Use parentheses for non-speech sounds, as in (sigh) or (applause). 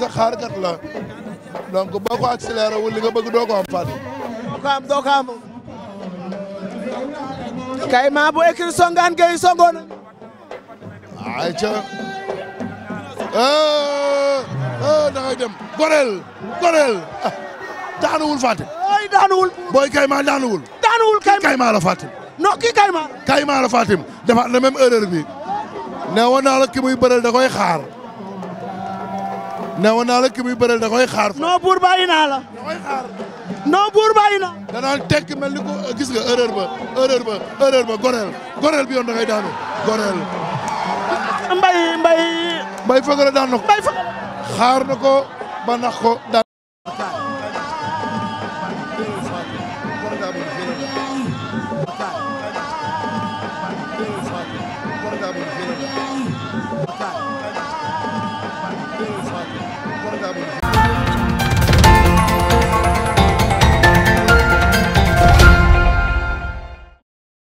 sa xaarkat boo ko bëgg doo ko am fànn. doo ko am doo ko songaan Gueye songoon. ayca. Eh, eh, da ngay dem gorel gorel (laughs) daanuwul booy Kayma daanuwul. daanuwul Kayma kii Kayma la Fatick. non kii la Fatick defaat na même erreur bi. ne woon la ki muy bëreel da newoon naa la da koy xaar. non buur bàyyi naa la. da koy xaar. non buur bàyyi na. mel ni ko gis nga erreur ba erreur ba erreur ba goreel goreel bi yoon da daanu goreel. mbay mbay. mbay Feugeule daan na xaar na ba nax ko daan.